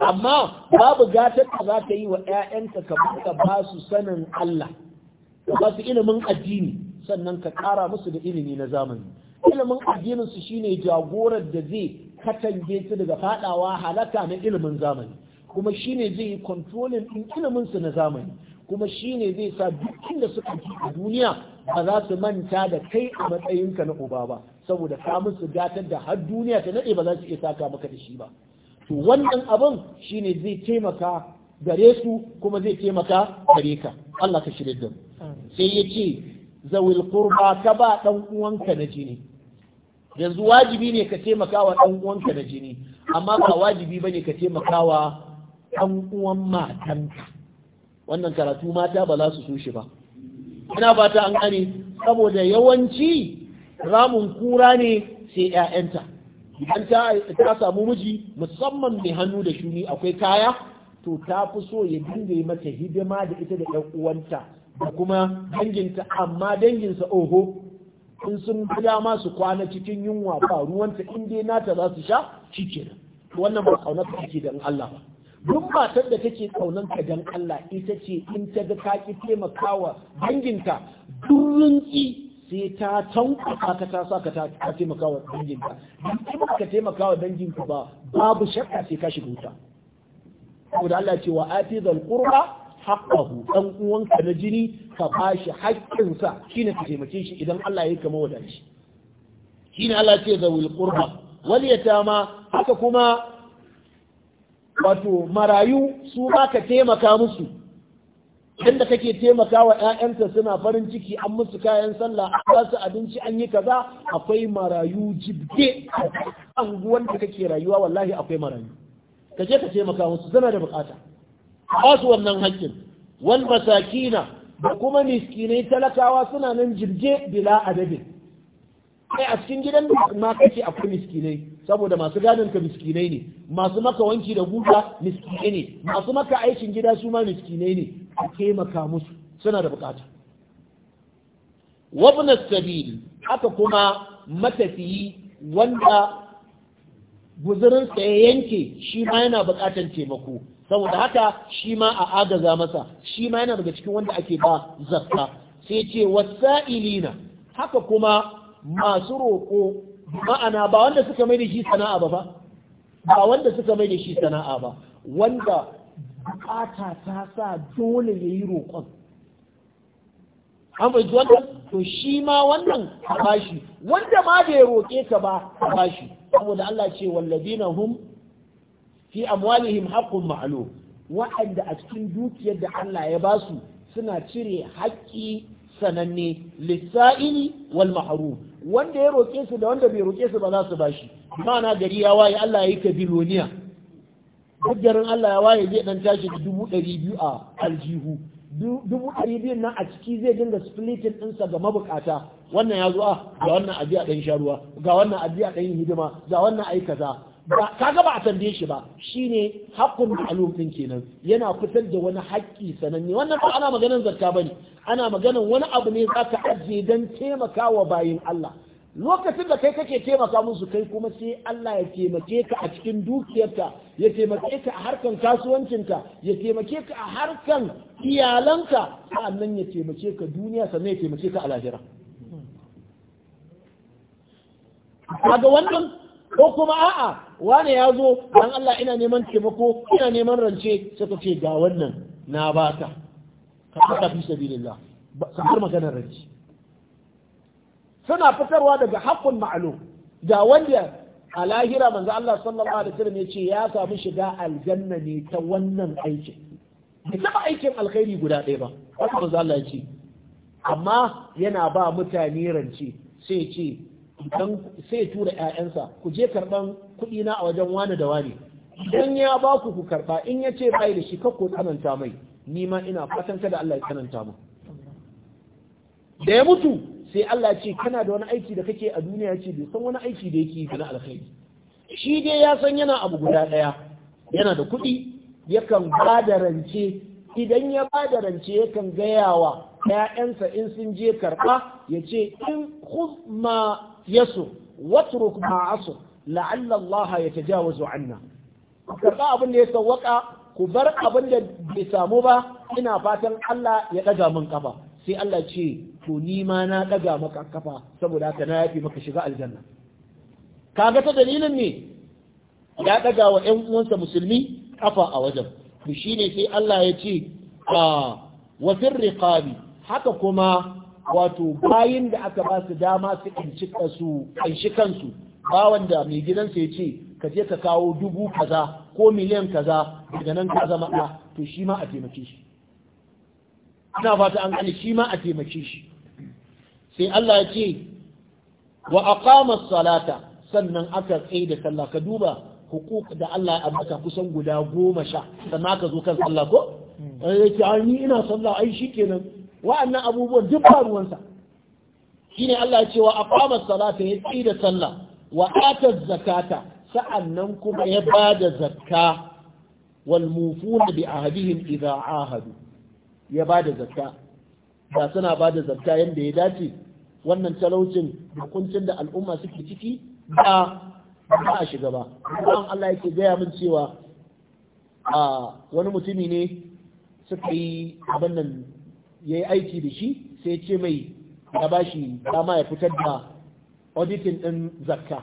amma babu gatar da za ka yi wa 'ya'yanka ka baka ba su sanin Allah ka ba su ilimin addini sannan ka ƙara musu da ilimi na zamani ilimin addinin su shine jagorar da zai katange su daga fadawa halaka na ilimin zamani kuma shine zai yi controlling din ilimin su na zamani kuma shine zai sa duk da suka ji a duniya ba za su manta da kai a matsayinka na uba ba saboda ka musu gatar da har duniya ta nade ba za su iya saka maka da shi ba to wannan abin shine zai taimaka gare su kuma zai taimaka gare ka Allah ka shirye da sai yace zawil qurba ka ba dan uwanka na jini yanzu wajibi ne ka taimaka wa ɗan uwanka da jini amma ba wajibi ba ne ka taimaka wa ɗan uwan matanka wannan karatu mata ba za su so shi ba ina fata an gane saboda yawanci ramun kura ne sai 'ya'yanta idan ta samu miji musamman mai hannu da shuni akwai kaya to ta fi so ya dinga yi mata hidima da ita da 'yan uwanta da kuma danginta amma danginsa oho in sun ga dama su kwana cikin yunwa ba ruwanta in dai nata za su sha cikin. wannan ba kaunar ka ke dan Allah ba duk matar da take kaunar ka dan Allah ita ce in ta ga ka ki taimakawa danginka ki sai ta tankwasa ka ta sa ka ta taimakawa danginta in ka taimakawa danginka ba babu shakka sai ka shiga wuta saboda Allah ce wa atizal qurba haqqahu ɗan uwanka na jini ka bashi haƙƙinsa ne ka taimake shi idan Allah ya kama shi ne Allah ce zawil Wani ya tama haka kuma wato marayu su ba ka taimaka musu yadda kake taimaka wa 'ya'yanta suna farin ciki an musu kayan sallah an ba su abinci an yi kaza akwai marayu jibge anguwan da kake rayuwa wallahi akwai marayu ka je ka taimaka musu suna da bukata ba su wannan haƙƙin wal masakina da kuma miskinai talakawa suna nan jirje bila adadin kai a cikin gidan ma kake akwai miskinai saboda masu gadon ka miskinai ne masu maka wanki da guga miskinai ne masu maka aikin gida su ma miskinai ne a taimaka musu suna da bukata wabna sabil haka kuma matafiyi wanda guzurinsa ya yanke shi ma yana bukatan taimako saboda haka shi ma a agaza masa shi ma yana daga cikin wanda ake ba zakka sai ce wasa'ilina haka kuma masu roƙo ma'ana ba wanda suka mai da shi sana'a ba ba wanda suka mai da shi sana'a ba wanda bukata ta sa dole ya yi roƙon an bai wannan to shi ma wannan ka bashi wanda ma bai roƙe ka ba ka bashi saboda Allah ce wallazina hum fi amwalihim haqqun ma'lum wa'anda a cikin dukiyar da Allah ya basu suna cire haƙƙi sananne lissa'ili wal mahrum wanda ya roƙe su da wanda bai roƙe su ba za su bashi ma'ana gari ya waye Allah ya yi kabiloniya hujjarin Allah ya waye zai dan tashi da dubu ɗari biyu a aljihu dubu ɗari biyu nan a ciki zai dinga splitting ɗinsa ga mabukata wannan ya zo a ah, ga wannan a ɗan ruwa, ga wannan a ɗan hidima ga wannan aikata. kaza ba ka ga ba a tambaye shi ba shi ne hakkun ma'lum din kenan yana fitar da wani haƙƙi sananne wannan ba ana maganar zakka bane ana maganar wani abu ne zaka ajiye dan wa bayin Allah lokacin da kai kake taimaka musu kai kuma sai Allah ya taimake ka a cikin dukiyarka ya taimake ka a harkan kasuwancinka ya taimake ka a harkan iyalanka sannan ya taimake ka duniya sannan ya taimake ka a lahira kaga wannan ko kuma a'a wane ya zo dan Allah ina neman taimako ina neman rance sai ka ce ga wannan na baka ka saka fi sabilillah ka har maganar rance suna fitarwa daga haƙƙun ma'lum ga wanda a lahira manzo Allah sallallahu alaihi wasallam ya ce ya samu shiga aljanna ne ta wannan aikin bai taba aikin alkhairi guda ɗaya ba haka manzo Allah ya ce amma yana ba mutane rance sai ce idan sai tura ƴaƴansa ku je karban kuɗi na a wajen wani da wani idan ya ba ku ku karba in ya ce bai da shi ko tsananta mai ni ma ina fatan kada Allah ya tsananta mu da ya mutu sai Allah ya ce kana da wani aiki da kake a duniya ce bai san wani aiki da yake na alkhairi shi dai ya san yana abu guda daya yana da kuɗi yakan ba da rance idan ya ba da rance yakan gaya wa ‘ya'yansa in sun je karɓa ya ce in khuz ma yasu watruk ma asu la'alla Allah ya tajawazu anna karba abin da ya sawwaka ku bar abin da bai samu ba ina fatan Allah ya daga min kafa sai Allah ce to ni ma na daga maka kafa saboda haka na yafi maka shiga aljanna kaga ta dalilin ne ya daga wa ƴan uwansa musulmi kafa a wajen to shine sai Allah ya ce a ah, wa riqabi haka kuma wato bayin da aka ba su dama su kanshi kansu bawan wanda mai gidansa ya ce ka je ka kawo dubu kaza ko miliyan kaza daga nan ka zama ɗa to shi ma a taimake shi ina fata an gani shi ma a taimake shi sai Allah ya ce wa aqama salata sannan aka tsaye da sallah ka duba hukuk da Allah ya ambata kusan guda goma sha sannan ka zo kan sallah ko yake an ni ina sallah ai shikenan wa'annan abubuwan duk faruwansa, shine Allah ya ce wa aqama salata ya tsi da sallah wa ata zakata sa'annan kuma ya bada zakka wal mufuna bi ahadihim idza ahadu ya bada zakka ba suna bada zakka yanda ya dace wannan talaucin hukuncin da al'umma suke ciki ba ba a shiga ba kuma Allah yake gaya min cewa a wani mutumi ne suka yi abin nan ya yi aiki da shi sai ce mai ya ba dama ya fitar da auditin ɗin zakka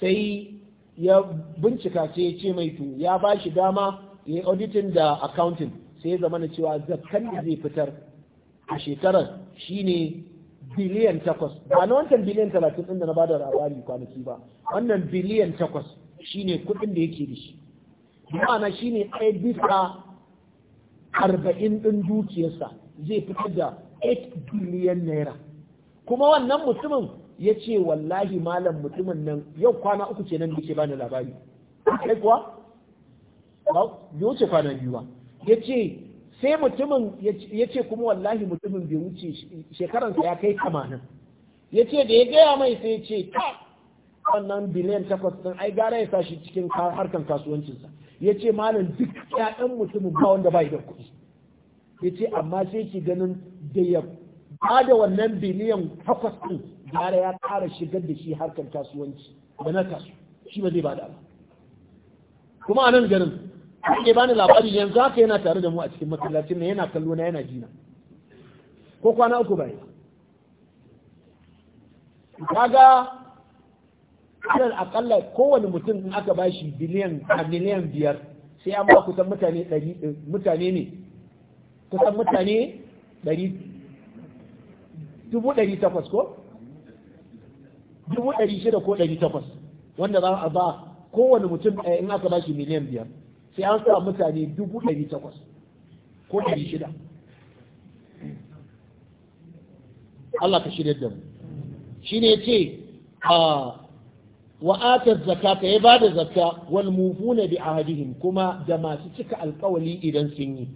sai ya bincika sai ya ce mai tu, ya ba shi dama ya yi auditin da accounting sai ya zama na cewa zakkan da zai fitar a shekarar Shi ne biliyan takwas ba na wancan biliyan talatin ɗin da na bada labari kwanaki ba wannan biliyan takwas shi ne kuɗin da yake da shi ma'ana ne ɗaya bisa arba'in ɗin dukiyarsa zai fitar da 8 biliyan naira kuma wannan mutumin ya ce wallahi malam mutumin nan yau kwana uku ce nan da ke bani labari kai kuwa ba wuce kwana biyu ba ya ce sai mutumin ya ce kuma wallahi mutumin bai wuce shekaransa ya kai kamanin. ya ce da ya gaya mai sai ya ce ta wannan biliyan takwas ɗin ai gara ya sa shi cikin harkar kasuwancinsa ya ce malam duk ƴaƴan mutumin ba wanda bai da kuɗi ya ce amma sai ki ganin da ya ba da wannan biliyan takwas ɗin gara ya ƙara shigar da shi harkar kasuwanci da na kasu shi ba zai ba da ba kuma anan nan ganin ake bani labari yanzu haka yana tare da mu a cikin masallacin na yana kallo na yana jina ko kwana uku bai kaga alal akalla kowane mutum in aka bashi biliyan a miliyan biyar sai an ba kusan mutane ɗari mutane ne kusan mutane ɗari dubu ɗari takwas ko dubu ɗari shida ko ɗari takwas wanda za a ba kowane mutum eh, in aka bashi miliyan biyar sai an sa mutane dubu ɗari takwas ko ɗari shida Allah ka shirya da mu shi ne ce a ah, zakka ka yi ya da zakka wal mufuna bi ahadihim kuma da masu cika alkawali idan sun yi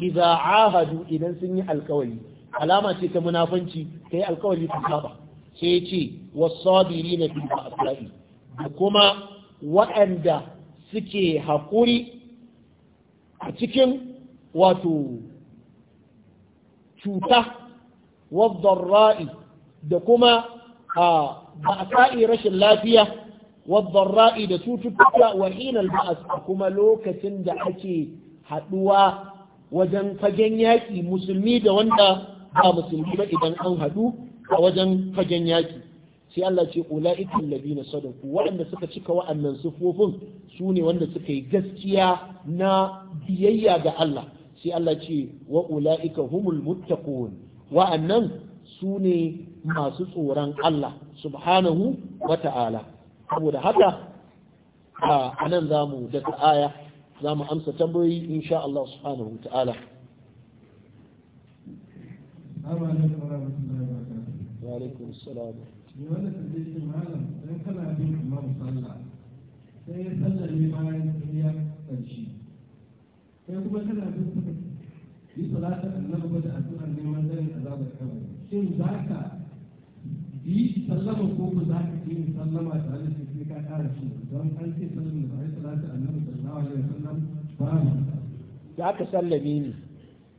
idza ahadu idan sun yi alkawali alama ce ta munafanci kai alkawali ta saba sai ya ce wasabirina fi ba'sa'i da kuma waɗanda suke haƙuri a cikin wato cuta wadda ra'i da kuma a ah, ba sa'i rashin lafiya ra'i da cututtuka wa hinal ba'as kuma lokacin da ake haduwa wajen fagen yaƙi musulmi da wanda ba musulmi ba idan an haɗu a wajen fagen yaƙi sai Allah ce ula'ikan labina sadaku waɗanda suka cika wa'annan sufofin su ne wanda suka yi gaskiya na biyayya ga Allah sai Allah ce wa ula'ika humul muttaqun wa'annan su ne masu tsoron Allah subhanahu wa ta'ala saboda haka a nan za mu daga aya za mu amsa tambayoyi insha Allah subhanahu wa ta'ala sai ya ya Sai kuma kana bin yi salatar da addu'ar neman a Shin za ka yi sallama ko ba za ka yi sallama tare da sai ka kara shi don an ce sallama da ai salatu annabi sallallahu alaihi wasallam ba da aka sallame ni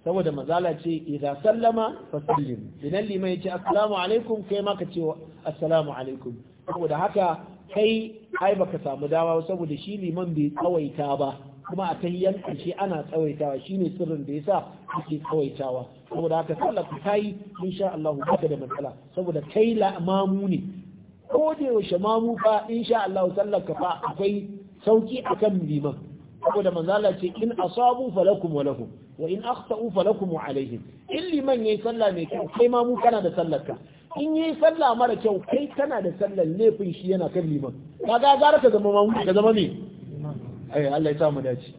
saboda mazala ce idan sallama fa sallim idan liman ya ce assalamu alaikum kai ma ka ce assalamu alaikum saboda haka kai ai baka samu dama saboda shi liman bai tsawaita ba kuma a tahiyyan shi ana tsawaitawa shine sirrin da yasa ake tsawaitawa saboda haka sallar ka tayi insha Allah baka da matsala saboda kai la mamu ne ko da yaushe mamu fa insha Allah sallar ka fa akwai sauki akan liman saboda manzo Allah ce in asabu falakum wa lahum wa in akhtau falakum wa alaihim in liman yayi sallah mai kyau kai mamu kana da sallar ka in yayi sallah mara kyau kai kana da sallar laifin shi yana kan liman kaga gara ka zama mamu ka zama me ai Allah ya sa mu dace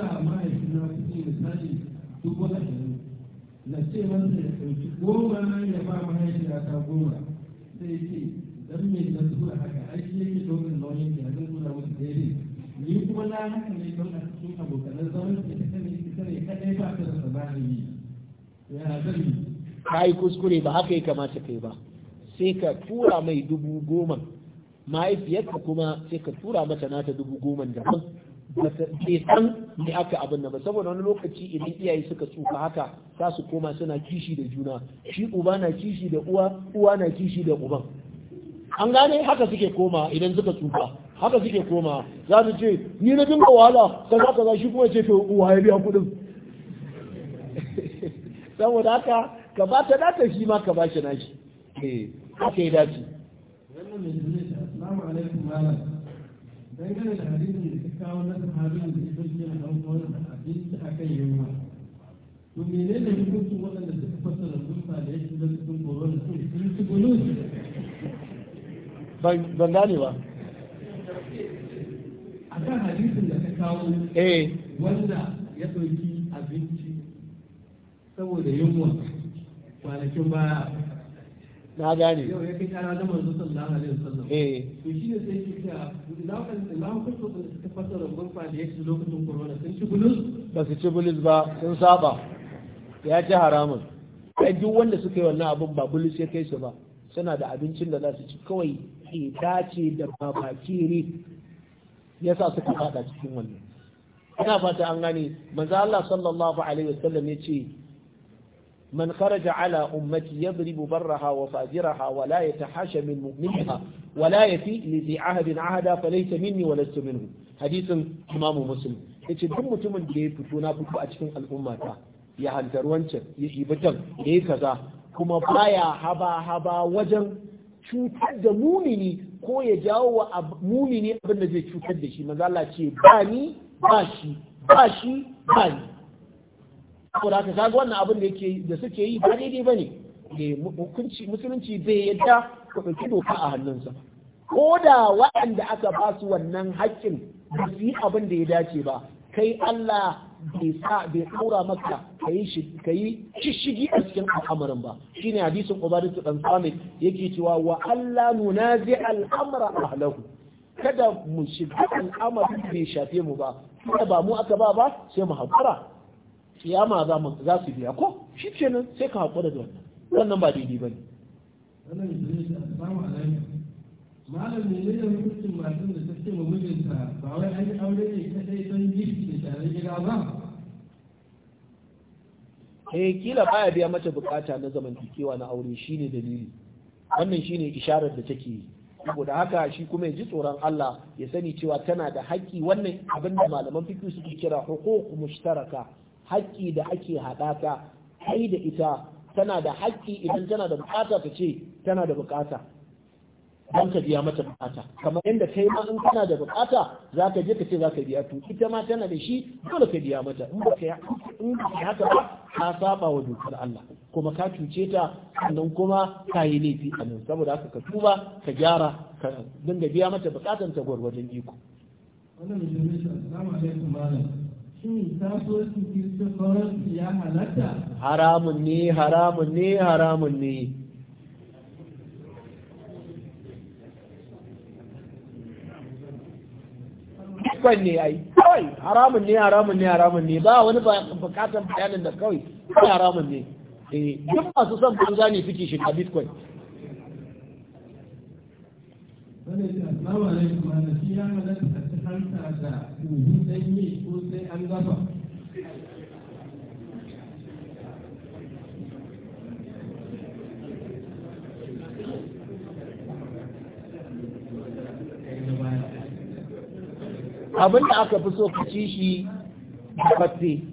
tura mahaifina kuɗi misali dubu ashirin na ce wanda ya ɗauki goma na ya ba mahaifiya ta goma sai ce dan me na tura haka aiki yake ɗaukar nauyin ya zai tura musu daidai ni kuma na haka ne don a cikin abokanan zaman ke ta kane ita ne kaɗai ba ta rasa ba ne ya zan yi kai kuskure ba haka ya kamata kai ba sai ka tura mai dubu goma mahaifiyarka kuma sai ka tura mata nata dubu goma daban bai san me aka abin nan ba saboda wani lokaci idan iyaye suka tsufa haka za su koma suna kishi da juna shi uba na kishi da uwa uwa na kishi da uban an gane haka suke koma idan suka tsufa haka suke koma za su ce ni na dinga wahala za ka za shi kuma ce to uwa ya biya kudin saboda haka ka ba ta data shi ma ka ba shi shi eh haka ya dace alaikum malam dangane da hadisin da ka kawo na sahabin da ya bayyana a da abinci a kan yunwa to menene hukuncin waɗanda suka fassara zuwa da yake da cikin da sun sun ci gulu ban gane ba a kan hadisin da ka kawo eh. wanda ya ɗauki abinci saboda yunwa kwanakin baya na gane yau ya kai kara da manzo sallallahu alaihi wasallam eh to shi ne sai ki ta lawan lawan kuma da suka fasara gurfa da yake lokacin corona sun ci bulus ba su ci bulus ba sun saba ya ci haramun ai duk wanda suka yi wannan abun ba bulus ya kai su ba suna da abincin da za su ci kawai ita ce da babakiri ya sa suka fada cikin wannan ina fata an gane manzo Allah sallallahu alaihi wasallam ya ce من خرج على أمتي يضرب برها وفاجرها ولا يتحاشى من مؤمنها ولا يفي لذي عهد عهدا فليس مني ولست منه حديث إمام مسلم yace duk mutumin da ya fito na fito a cikin al'umma ta ya hantar wancan ya ibi ya yi kaza kuma baya haba haba wajen cutar da mumini ko ya jawo wa mumini abin da zai cutar da shi maza Allah ce ba ni ba shi ba shi ba ni saboda haka kaga wannan abin da yake da suke yi ba daidai bane ne eh, hukunci musulunci bai yadda ka ɗauki doka a hannunsa ko da waɗanda aka ba su wannan haƙƙin ba su yi abin da ya dace ba kai Allah bai sa bai maka kayi shi shishigi a cikin al'amarin ba shine hadisin ubadatu dan samit yake cewa wa Allah nunazi al'amra ahlahu kada mu shiga al'amarin bai shafe mu ba kada ba mu aka ba ba sai mu hakura kiyama za su biya ko shi nan sai ka haƙura da wannan wannan ba daidai ba ne malam ne ne da mutum matan da ta ce ma mijinta ba wai an yi aure ne kadai don girki da tare gida ba eh kila baya biya mata bukata na zamantakewa na aure shine dalili wannan shine isharar da take yi saboda haka shi kuma ya ji tsoron Allah ya sani cewa tana da haƙƙi wannan abin da malaman fiqh suke kira hukuku mushtaraka haƙƙi da ake haɗaka kai da ita tana da haƙƙi idan tana da buƙata ta ce tana da buƙata don ka biya mata buƙata. kamar yadda kai ma in kana da buƙata, za ka je ka ce za ka biya to ita ma tana da shi dole ka biya mata in ba ka yi haka ba ka saba wa dokar Allah kuma ka cuce ta sannan kuma ka yi laifi a nan saboda haka ka tuba ka gyara ka dinga biya mata buƙatan ta gwargwadon iko wannan haramun ne haramun ne haramun ne kawai ne ai kawai haramun ne haramun ne haramun ne ba wani bukatan bayanin da kawai kawai haramun ne eh, duk masu son banza ne suke shiga bitcoin wanda ya ce asalamu alaikum ana shi ya halatta hanta da buhu yi ko sai an gaba. abin da aka fi so ka ci shi da fatti,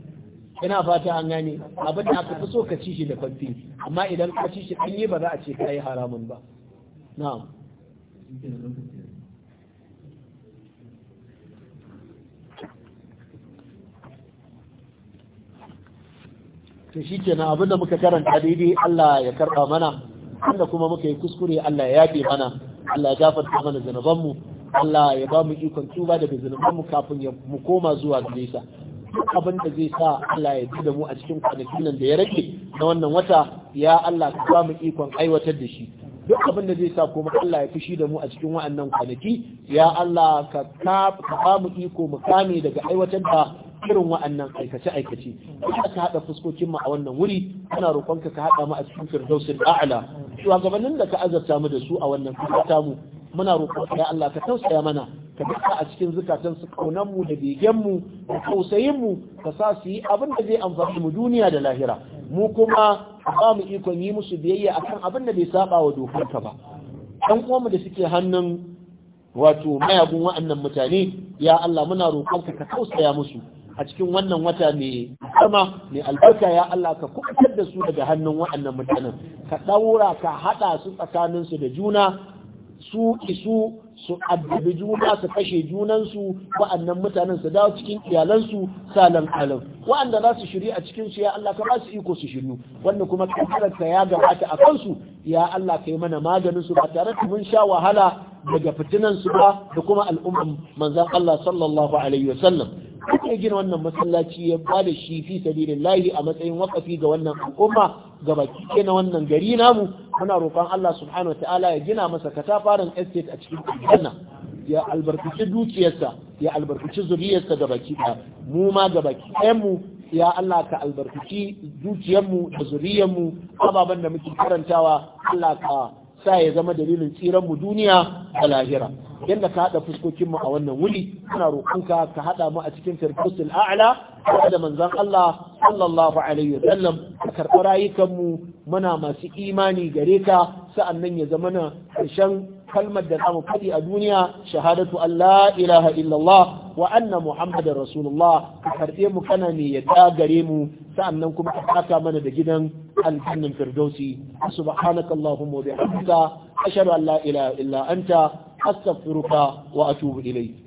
ina fata an gane abin da aka fi so ka ci shi da fatti, amma idan ka ci shi ɗanye ba za a ce ka yi haramun ba na'am to shikenan abinda muka karanta daidai Allah ya karba mana inda kuma muka yi kuskure Allah ya yafe mana Allah ya gafarta mana zanuban mu Allah ya ba mu ikon tuba daga zanuban mu kafin mu koma zuwa gare sa abin da zai sa Allah ya ji da mu a cikin kwanakin nan da ya rage na wannan wata ya Allah ka ba mu ikon aiwatar da shi duk abin da zai sa kuma Allah ya fushi da mu a cikin wa'annan kwanaki ya Allah ka ka ba mu iko mu kame daga aiwatar da irin wa'annan aikace-aikace kuma ka haɗa fuskokin mu a wannan wuri ana roƙonka ka haɗa mu a cikin firdausin a'ala da ka azabta mu da su a wannan kasa mu muna roƙonka ya Allah ka tausaya mana ka duka a cikin zukatan su kaunan mu da begen mu da tausayin mu ka sa su yi abin da zai amfani mu duniya da lahira mu kuma ba mu ikon yi musu biyayya akan abin da bai saba wa dokarka ba ɗan mu da suke hannun wato mayagun wa'annan mutane ya Allah muna roƙonka ka tausaya musu a cikin wannan wata mai sama mai albarka ya Allah ka kubutar da su daga hannun waɗannan mutanen ka ɗaura ka haɗa su tsakaninsu da juna su isu su addabi juna su kashe junansu wa'annan mutanen su dawo cikin iyalansu salan alam Waɗanda za su shiri a cikin su ya Allah ka ba su iko su shiryu wanda kuma kaddarar ta ya gabata a kansu ya Allah kai mana maganin su ba tare da mun sha wahala daga fitinansu ba da kuma al'umman manzon Allah sallallahu alaihi sallam. aka gina wannan masallaci ya ba da shi fi sabilillahi a matsayin wakafi ga wannan al'umma ga baki na wannan gari namu muna roƙon Allah subhanahu wataala ya gina masa katafaren estate a cikin aljanna ya albarkaci dukiyarsa ya albarkaci zuriyarsa ga baki da mu ma ga baki mu ya Allah ka albarkaci dukiyarmu da zuriyarmu ababen da muke karantawa Allah ka sa ya zama dalilin tsiran mu duniya da lahira yanda ka haɗa fuskokin mu a wannan wuri muna roƙonka ka haɗa mu a cikin firdausul a'la da manzon Allah sallallahu alaihi wasallam ka karɓi rayukan mu muna masu imani gare ka sa'annan ya zama na ƙarshen kalmar da za mu faɗi a duniya shahadatu Allah ilaha illallah wa anna muhammadar rasulullah ka karɓe mu kana ne ya gare mu sa'annan kuma ka saka mana da gidan aljannin firdausi subhanaka allahumma wa bihamdika ashhadu an la ilaha illa anta astaghfiruka wa atubu ilayk